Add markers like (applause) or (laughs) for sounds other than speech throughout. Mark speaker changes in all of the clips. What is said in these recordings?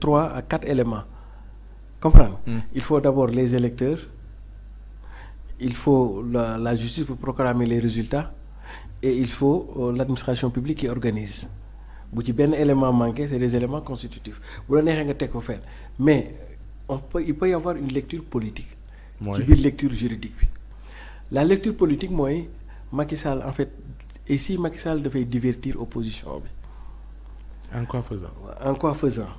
Speaker 1: trois à quatre éléments comprendre mm. il faut d'abord les électeurs il faut la, la justice pour proclamer les résultats et il faut euh, l'administration publique qui organise bu ci benn élément manqué c'est des éléments constitutifs bu la neexee nga teg ko fenn mais on peut il peut y avoir une lecture politique ci biir lecture juridique bi la lecture politique mooy Macky Sall en fait si Macky Sall dafay divertir opposition bi en quoi faisant en quoi faisant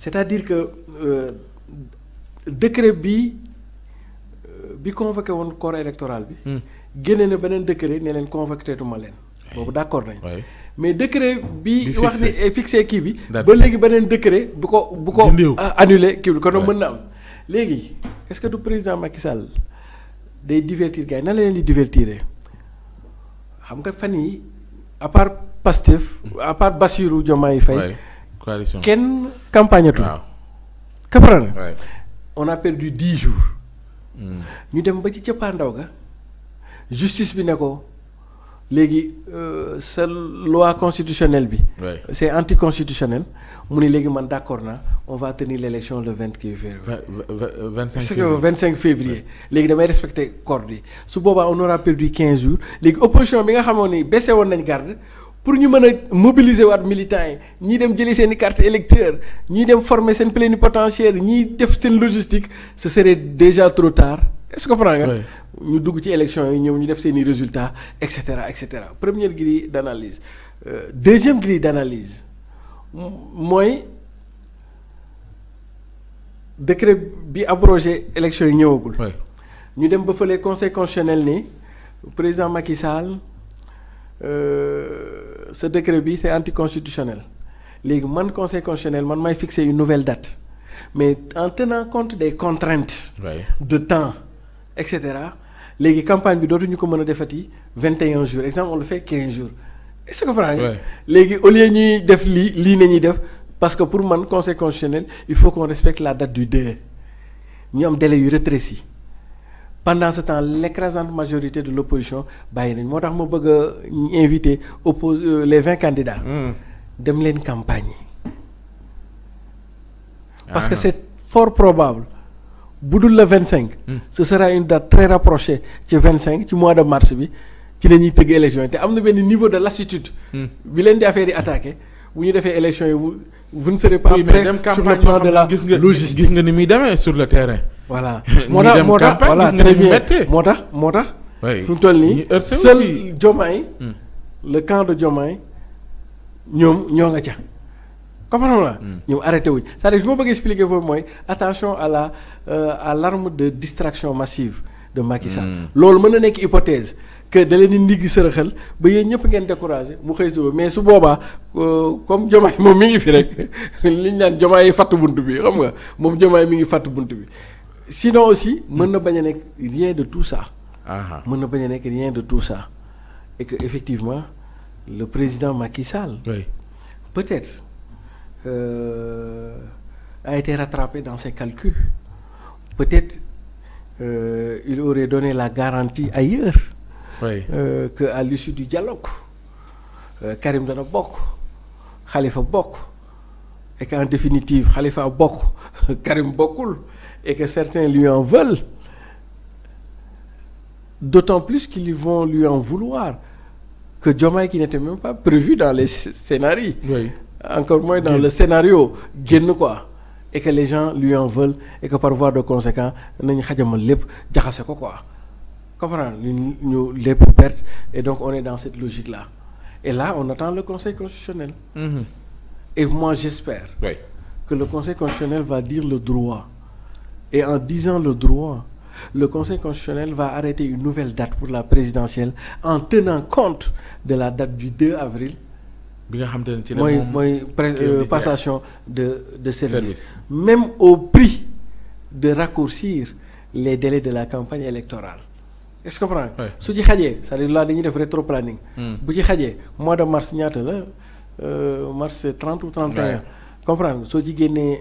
Speaker 1: c'est-à-dire que euh, décret bi euh, bi convoqué woon corps électoral bi. Hmm. génne na beneen décret ne leen convoqué tuma leen. boobu d'accord nañ mais décret bi wax ni fixé kii bi. ba léegi beneen décret bu ko bu ko. annulé kii bi kon mën na am. léegi est-ce que du président Macky Sall day divertir gars na la leen di divertir xam nga fan yi à part Pastef à part Bassirou Diomaye Faye. coalition kenn campagne atul. waaw comprendre on a perdu dix jour hmm. ñu dem ba ci cëppaandaw ga justice bi ne ko léegi euh, sa loi constitutionnelle bi. Ouais. c' est mu ni léegi man d' accord naa on va tenir l' élection le vingt qui février. vingt cinq février vingt cinq février. léegi damay respecté corde yi su boobaa on aura perdu quinze jours léegi opposition bi nga xamoon ni baissé woon nañu garde pour ñu mën a mobiliser waat militants yi ñiy dem jëli seen i carte électeur ñiy dem former seen plénipotentiaire ñiy def seen logistique ce serait déjà trop tard est-ce que comprends nga ñu dugg ci élection yi ñoom ñu def seeni résultat résultats et cetera et cetera première grille d'analyse euh, deuxième grille d'analyse mooy décret bi abrogé élection yi ñëwagul ñu dem ba fële conseil constitutionnel ni président Macky Sall Euh, ce décret bi c'est anticonstitutionnel léegi man conseil constitutionnel man may fixer une nouvelle date mais en tenant compte des contraintes. Oui. de temps et cetera léegi campagne bi dootuñu ko mën a defati vingt et un jours exemple on le fait quinze jours est-ce léegi au lieu ñuy def lii lii na ñuy def parce que pour man conseil constitutionnel il faut qu'on respecte la date du délai ñoom am délai yu rétréci pendant ce temps l'écrasante majorité de l'opposition bàyyi nañ moo tax ma bëgg a invité oppose euh, les vingt candidats hmm. dem leen campagne yi ah parce que c'est fort probable bu dul le vingt cinq hmm. ce sera une date très rapprochée ci vingt cinq ci mois de mars bi ci la ñuy tëgg élection yi te am na benn niveau de lassitude hmm. bi leen di affaire yi attaqué bu ñu defee élection yi vous ne gis
Speaker 2: nga ni muy demee sur le terrain voilà (laughs) moo tax moo tax voilà très bien moo
Speaker 1: tax moo tax. fu mu toll nii seul Diomaye hmm. le camp de Diomaye ñoom ñoo nga ca. comprendre la hmm. ñoom arrêté wuñ c'est-à-dire fi ma bëgg expliquer foofu mooy attention à la euh, à l'arme de distraction massive de Macky Sall. Hmm. loolu mën na nekk hypothèse que da leen di ndigg sërëxal ba yéen ñëpp ngeen découragé mu xëy suba mais su boobaa euh, comme Diomaye (laughs) moom mi ngi fi rek (laughs) liñ naan Diomaye yi fàtt bunt bi xam nga moom Diomaye mi ngi fàtt bunt bi sinon aussi mën na bañ a nekk rien de tout ça. mën na bañ a nekk rien de tout ça et que effectivement le président Macky Sall. Oui. peut-être euh, a été rattrapé dans ses calculs peut-être euh, il aurait donné la garantie ay oui euh, que à l'issue du dialogue euh, Karim dana bokk xalifa bokk et qu'en définitive Khalifa bokk (laughs) Karim bokkul. et que certains lui en veulent, d'autant plus qu'ils vont lui en vouloir que Diomaye qui n'était même pas prévu dans les scénarios, oui. encore moins dans le scénario génn quoi et que les gens lui en veulent et que par voie de conséquent nañu xajamal lépp jaxase ko quoi comprendre ñu ñu lépp perte et donc on est dans cette logique là et là on attend le Conseil constitutionnel. Mm -hmm. et moi j'espère oui. que le Conseil constitutionnel va dire le droit. et en disant le droit le Conseil constitutionnel va arrêter une nouvelle date pour la présidentielle en tenant compte de la date du 2 avril bi nga xam ne ci la mooy mooy euh, passation de de service même au prix de raccourcir les délais de la campagne électorale est-ce que comprends su ci xajee c'est-à-dire là dañuy def rétro planning hmm. bu ci xajee mois de mars ñaata la euh, mars c'est 30 ou 31 comprendre soo ci génnee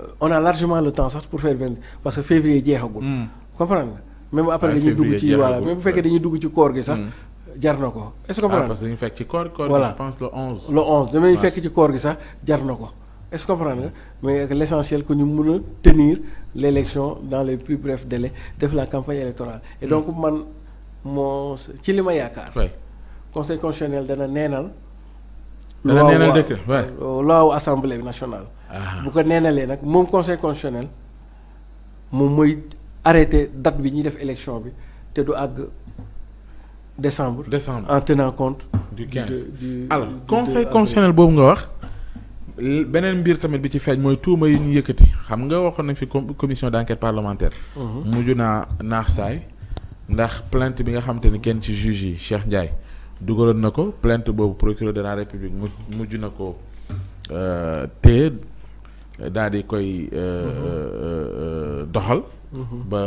Speaker 1: Euh, on le temps sax pour faire vingt parce que février jeexagul. Hmm. comprendre nga même après dañuy dugg ci voilà même bu fekkee dañuy dugg ci koor gi sax. Hmm. jar na ko est ce que ah, comprendre nga parce que dañuy fekk ci
Speaker 2: koor koor je pense le onze. le damay fekk ci
Speaker 1: koor gi sax jar na ko est ce que comprendre nga mais l' essentiel ñu mën a tenir l' élection dans les plus brefs délais def la campagne électorale. et hmm. donc man moo ci li ma yaakaar. conseil constitutionnel dana neenal.
Speaker 2: dana neenal dëkk
Speaker 1: waaw bu ko neenalee nag moom conseil constitutionnel moom mooy arrêté date bi ñuy def élection bi te du àgg décembre. décembre en tenant compte. du 15 du alors conseil constitutionnel boobu nga wax.
Speaker 2: beneen mbir tamit bi ci feeñ mooy tuuma yi ñu yëkkati xam nga waxoon nañ fi commission d'enquête parlementaire. Mhm. mujj naa naax saay ndax plainte bi nga xamante ni kenn ci juge yi Cheikh Ndiaye dugaloon na ko plainte boobu procureur de la république mujju na ko euh, téye. daal di koy euh, euh, euh, doxal mhm. ba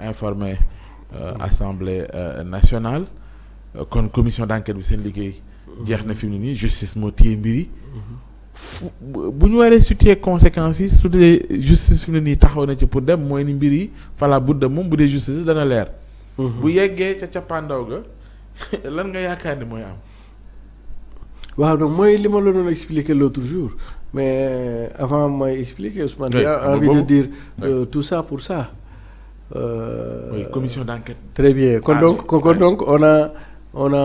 Speaker 2: informer assemblée nationale kon commission d'enquête bi seen liggéey jeex na fi mu ne nii justice moo téye mbir yi fu bu ñu waree su situer conséquences yi su dee justice fi ne nii taxaw na ci pour dem mooy ni mbir yi fala budda moom bu dee justice dana leer mhm. bu yeggee ca cappaandaw ga (laughs) lan nga yaakaar ni mooy am
Speaker 1: waaw donc mooy li ma la doon expliquer l' autre jour mais euh, avant may expliquer Ousmane. oui a envie de dire euh, tout ça pour ça. Euh, oui d' enquête. très bien kon ah, donc kon donc on a on a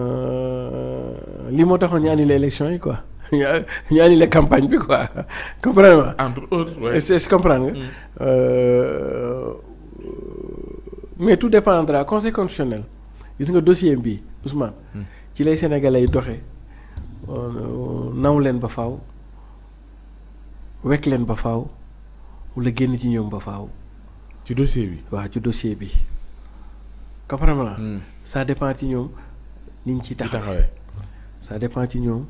Speaker 1: euh, li moo taxoon ñu annulé élection yi quoi (laughs) ñu ñu campagne bi quoi (laughs) comprendre nga. entre autres oui est ce nga. mais tout dépendra conseil constitutionnel gis nga dossier bi Ousmane. Mm. ci lay sénégalais yi doxee. naw leen ba faaw wekk leen ba faaw wala génn ci ñoom ba faaw. ci dossier bi waaw ci dossier bi. comprendre naa. Hmm. ça dépend ci ñoom niñ ciy taxawee. ça dépend ci ñoom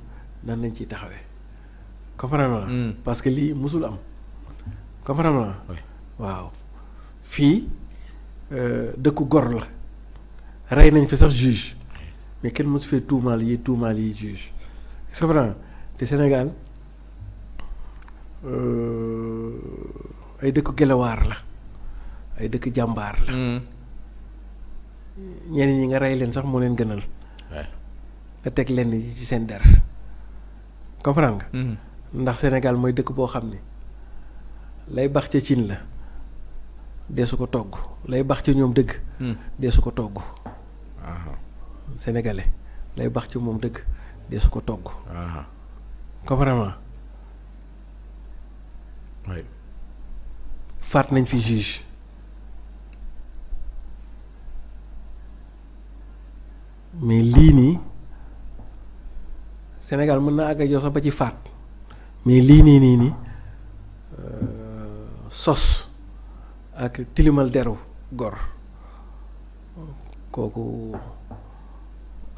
Speaker 1: nan lañ ciy taxawee. comprendre hmm. parce que lii mosul am. comprendre naa. waaw fii euh, dëkku gor la. rey nañ fi sax juge mais kenn mosu fee tuumaal yi tuumaal yi juge. comprends te Sénégal euh, ay dëkk gelawaar la ay dëkk jàmbaar la. Mm. ñeneen ñi nga rey leen sax moo leen gënal. nga teg leen ci seen der comprendre nga. Mm. ndax Sénégal mooy dëkk boo xam ni lay bax ca cin la dee su ko togg lay bax ca ñoom dëgg. Mm. dee su ko togg. sénégalais lay bax ci moom dëgg. de su ko togg. waaw comprends faat nañ fi juge. mais lii nii Sénégal mën naa àgga jox ba ci faat mais lii nii nii nii euh, sos ak tilimal deru gor kooku.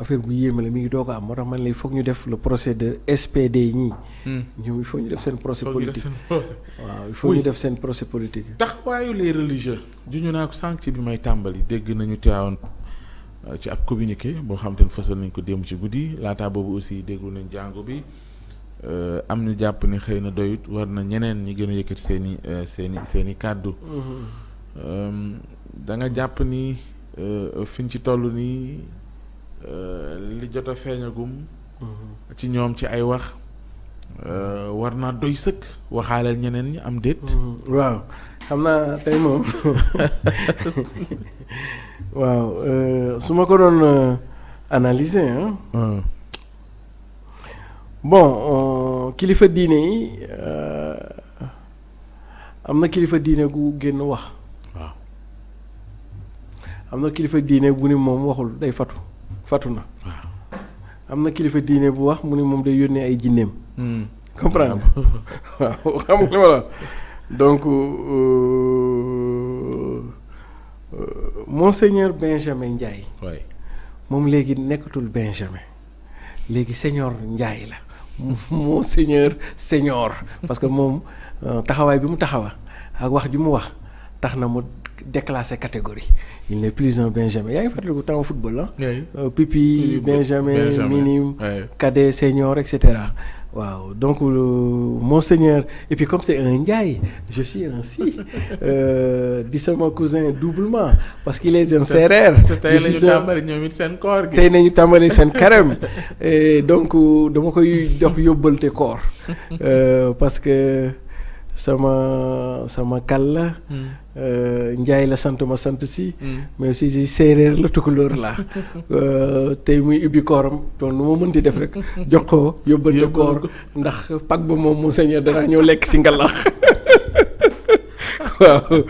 Speaker 1: affaire bu yéeme la mi ngi doog a am moo tax man lay foog ñu def le procès de SPD ñii. Hmm. ñoom il faut ñu def seen procès politique waaw il faut ñu def seen procès politique.
Speaker 2: taxawaayu les religieux. juñu naa ko sànq ci bi may tàmbali dégg nañu teewoon euh, ci ak communiqué boo xam te ne nañ ko démb ci guddi laata boobu aussi déglu nañ jàngo bi euh, am na jàpp ne xëy na doyut war na ñeneen ñi gën a yëkkati seen euh, i seen i seen i kàddu. Mm-hmm. da jàpp ni fiñ ci toll nii. Euh, li jot a feeñagum. Mm-hmm. ci ñoom ci ay wax euh, war naa doy sëkk waxaaleel ñeneen ñi am déet. Mm-hmm. waaw xam naa
Speaker 1: tey moom (laughs) waaw euh, su ma ko doon analyser ah. bon kilifa diine yi am na kilifa diine gu génn wax. waaw ah. am na kilifa diine gu ni moom waxul day fatu. fatu na am na kilifa diine bu wax mu ne moom day yónnee ay jinneem hmm. comprendre (laughs) waaw xam nga li ma la donc euh, euh, monseigneur Benjamin Ndiaye moom léegi nekkatul Benjamin léegi seigneur Ndiaye la (laughs) monseigneur seigneur parce que moom euh, taxawaay bi mu taxawa ak wax ji mu wax tax na mu déclassé catégorie il n'est plus un benjamin yaa ngi fàttaliku temps football ah. Yeah. pipi benjamin, benjamin minime yeah. cadet senior et waaw donc euh, monseigneur et comme c'est un Ndiaye si (laughs) euh, di sama cousin doublement parce qu'il est un Seereer. tey nañu tàmbali ñoom
Speaker 2: it seen koor gi tey tàmbali seen carême
Speaker 1: donc euh, dama koy jox yóbbal koor (laughs) euh, parce que. sama sama kal la. Hmm. Euh, Njaay la sant ma sant si. Hmm. mais si séeréer la tukulóor la (laughs) euh, tey muy ibbi kooram doon nu ma mënti def rek jox ko yóbbante koor ndax pag ba moom mu sañee dana ñëw lekk si ngalax (laughs) waaw.